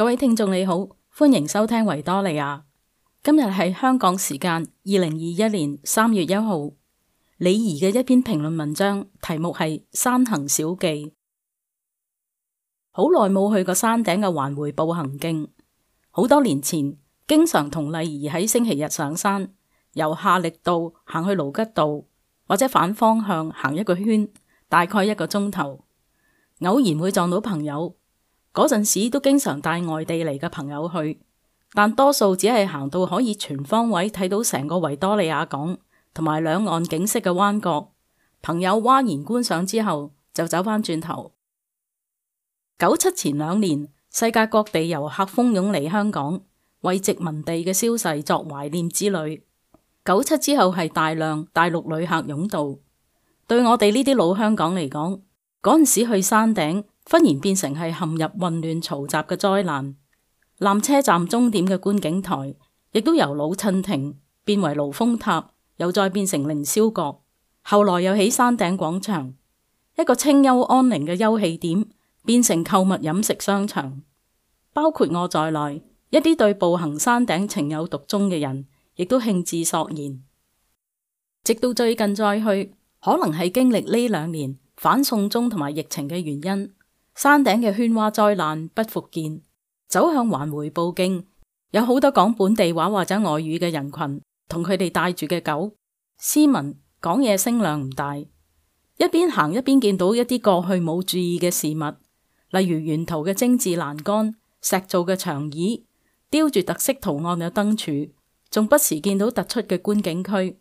各位聽眾你好，歡迎收聽維多利亞。今日係香港時間二零二一年三月一號。李怡嘅一篇評論文章，題目係《山行小記》。好耐冇去過山頂嘅環回步行徑，好多年前經常同麗儀喺星期日上山，由夏力道行去盧吉道，或者反方向行一個圈，大概一個鐘頭。偶然會撞到朋友。嗰陣時都經常帶外地嚟嘅朋友去，但多數只係行到可以全方位睇到成個維多利亞港同埋兩岸景色嘅彎角。朋友嘩然觀賞之後，就走返轉頭。九七前兩年，世界各地遊客蜂擁嚟香港，為殖民地嘅消逝作懷念之旅。九七之後係大量大陸旅客湧渡。對我哋呢啲老香港嚟講，嗰陣時去山頂。忽然變成係陷入混亂嘈雜嘅災難。纜車站終點嘅觀景台，亦都由老襯亭變為爐峰塔，又再變成凌霄閣，後來又起山頂廣場，一個清幽安寧嘅休憩點，變成購物飲食商場。包括我在內，一啲對步行山頂情有獨鍾嘅人，亦都興致索然。直到最近再去，可能係經歷呢兩年反送中同埋疫情嘅原因。山頂嘅喧嘩災難不復見，走向環回步徑，有好多講本地話或者外語嘅人群，同佢哋帶住嘅狗，斯文講嘢聲量唔大，一邊行一邊見到一啲過去冇注意嘅事物，例如沿途嘅精緻欄杆、石造嘅長椅、雕住特色圖案嘅燈柱，仲不時見到突出嘅觀景區。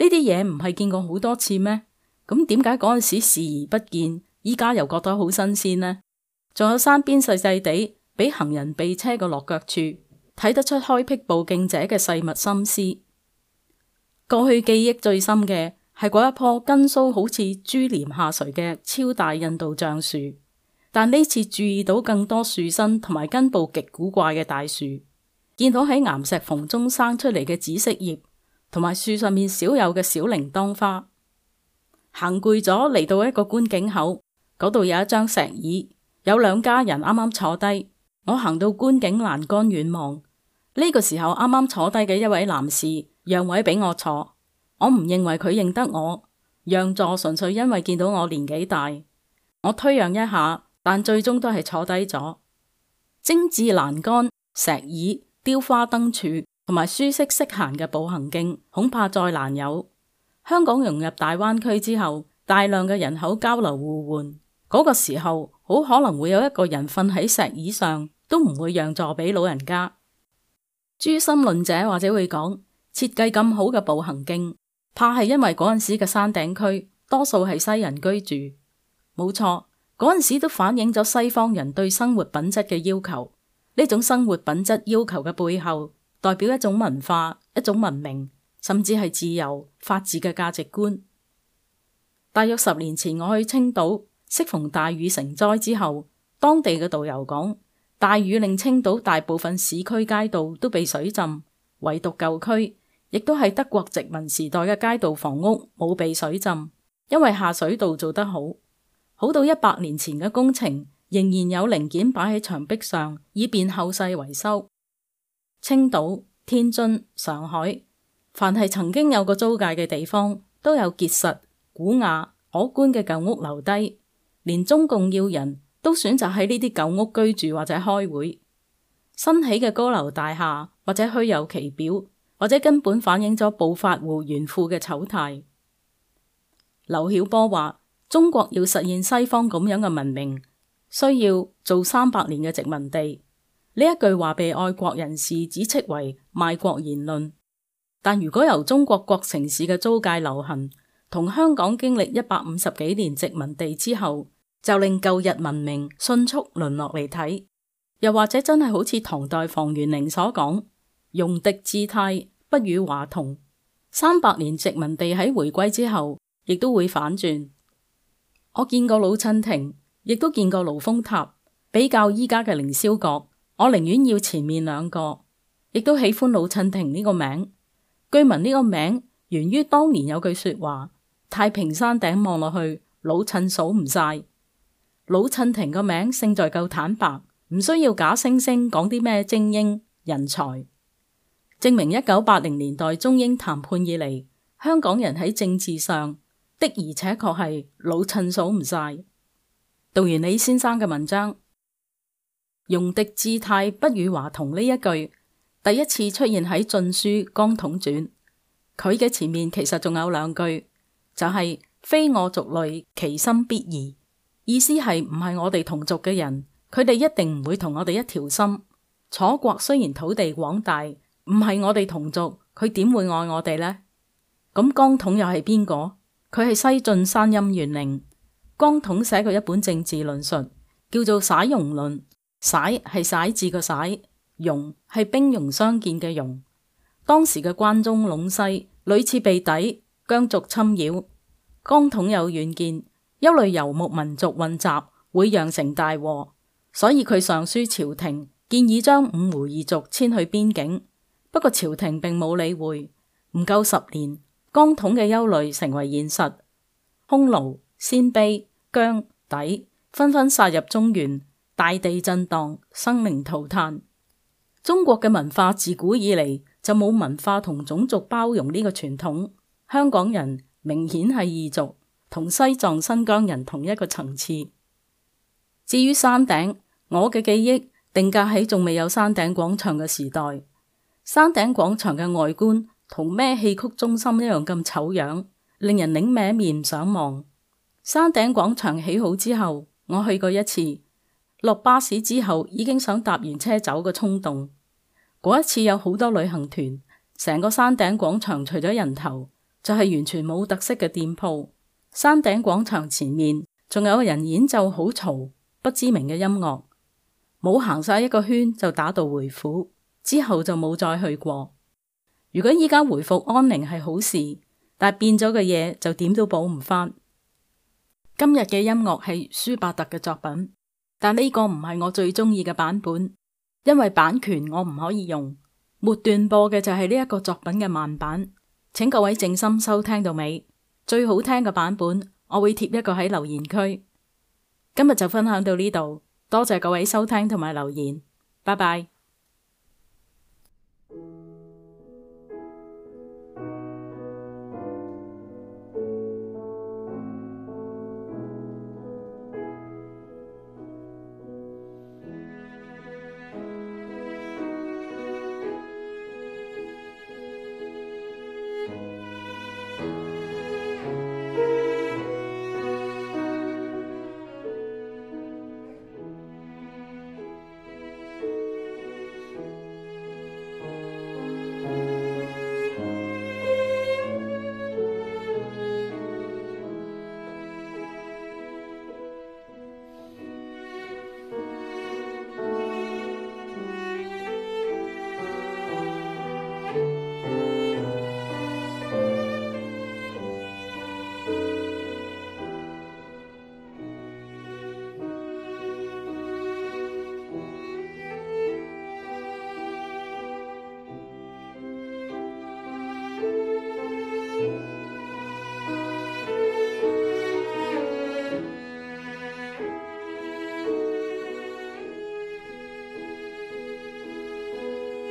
呢啲嘢唔係見過好多次咩？咁點解嗰陣時視而不見？依家又覺得好新鮮呢。仲有山邊細細地，畀行人避車嘅落腳處，睇得出開闢步徑者嘅細密心思。過去記憶最深嘅係嗰一棵根鬚好似珠簾下垂嘅超大印度橡樹，但呢次注意到更多樹身同埋根部極古怪嘅大樹，見到喺岩石縫中生出嚟嘅紫色葉，同埋樹上面少有嘅小鈴鐺花。行攰咗嚟到一個觀景口。嗰度有一張石椅，有兩家人啱啱坐低。我行到觀景欄杆遠望，呢個時候啱啱坐低嘅一位男士讓位俾我坐，我唔認為佢認得我，讓座純粹因為見到我年紀大。我推讓一下，但最終都係坐低咗。精緻欄杆、石椅、雕花燈柱同埋舒適適閒嘅步行徑，恐怕再難有。香港融入大灣區之後，大量嘅人口交流互換。嗰個時候好可能會有一個人瞓喺石椅上，都唔會讓座俾老人家。誅心論者或者會講，設計咁好嘅步行徑，怕係因為嗰陣時嘅山頂區多數係西人居住。冇錯，嗰陣時都反映咗西方人對生活品質嘅要求。呢種生活品質要求嘅背後，代表一種文化、一種文明，甚至係自由、法治嘅價值觀。大約十年前，我去青島。適逢大雨成災之後，當地嘅導遊講，大雨令青島大部分市區街道都被水浸，唯獨舊區亦都係德國殖民時代嘅街道房屋冇被水浸，因為下水道做得好，好到一百年前嘅工程仍然有零件擺喺牆壁上，以便後世維修。青島、天津、上海，凡係曾經有過租界嘅地方，都有結實、古雅、可觀嘅舊屋留低。連中共要人都選擇喺呢啲舊屋居住或者開會，新起嘅高樓大廈或者虛有其表，或者根本反映咗暴發戶炫富嘅醜態。劉曉波話：中國要實現西方咁樣嘅文明，需要做三百年嘅殖民地。呢一句話被愛國人士指斥為賣國言論。但如果由中國各城市嘅租界流行，同香港經歷一百五十幾年殖民地之後，就令舊日文明迅速淪落嚟睇，又或者真係好似唐代房玄齡所講，戎狄志態，不與華同。三百年殖民地喺回歸之後，亦都會反轉。我見過老襯亭，亦都見過盧峰塔，比較依家嘅凌霄閣，我寧願要前面兩個，亦都喜歡老襯亭呢個名。據聞呢個名源於當年有句說話：太平山頂望落去，老襯數唔晒。老襯亭個名勝在夠坦白，唔需要假惺惺講啲咩精英人才，證明一九八零年代中英談判以嚟，香港人喺政治上的而且確係老襯數唔晒。讀完李先生嘅文章，戎狄志態不與華同呢一句，第一次出現喺《晉書江統傳》，佢嘅前面其實仲有兩句，就係、是、非我族類，其心必異。意思係唔係我哋同族嘅人，佢哋一定唔會同我哋一條心。楚國雖然土地廣大，唔係我哋同族，佢點會愛我哋呢？咁江統又係邊個？佢係西晉山陰元陵。江統寫過一本政治論述，叫做《徙戎論》。徙係徙字個徙，戎係兵戎相見嘅戎。當時嘅關中、隴西屢次被氐羌族侵擾，江統有遠見。憂慮游牧民族混雜會釀成大禍，所以佢上書朝廷，建議將五胡異族遷去邊境。不過朝廷並冇理會，唔夠十年，江統嘅憂慮成為現實。匈奴、鮮卑、羌、氐紛紛殺入中原，大地震盪，生靈塗炭。中國嘅文化自古以嚟就冇文化同種族包容呢個傳統。香港人明顯係異族，同西藏、新疆人同一個層次。至於山頂，我嘅記憶定格喺仲未有山頂廣場嘅時代。山頂廣場嘅外觀同咩戲曲中心一樣咁醜樣，令人擰歪面唔想望。山頂廣場起好之後，我去過一次，落巴士之後已經想搭完車走嘅衝動。嗰一次有好多旅行團，成個山頂廣場除咗人頭就係完全冇特色嘅店鋪。山頂廣場前面仲有個人演奏，好嘈不知名嘅音樂，冇行晒一個圈就打道回府，之後就冇再去過。如果依家回復安寧係好事，但變咗嘅嘢，就點都補唔翻。今日嘅音樂係舒伯特嘅作品，但呢個唔係我最中意嘅版本，因為版權我唔可以用。末段播嘅就係呢一個作品嘅慢版，請各位靜心收聽到尾。最好聽嘅版本，我會貼一個喺留言區。今日就分享到呢度，多謝各位收聽同埋留言，拜拜。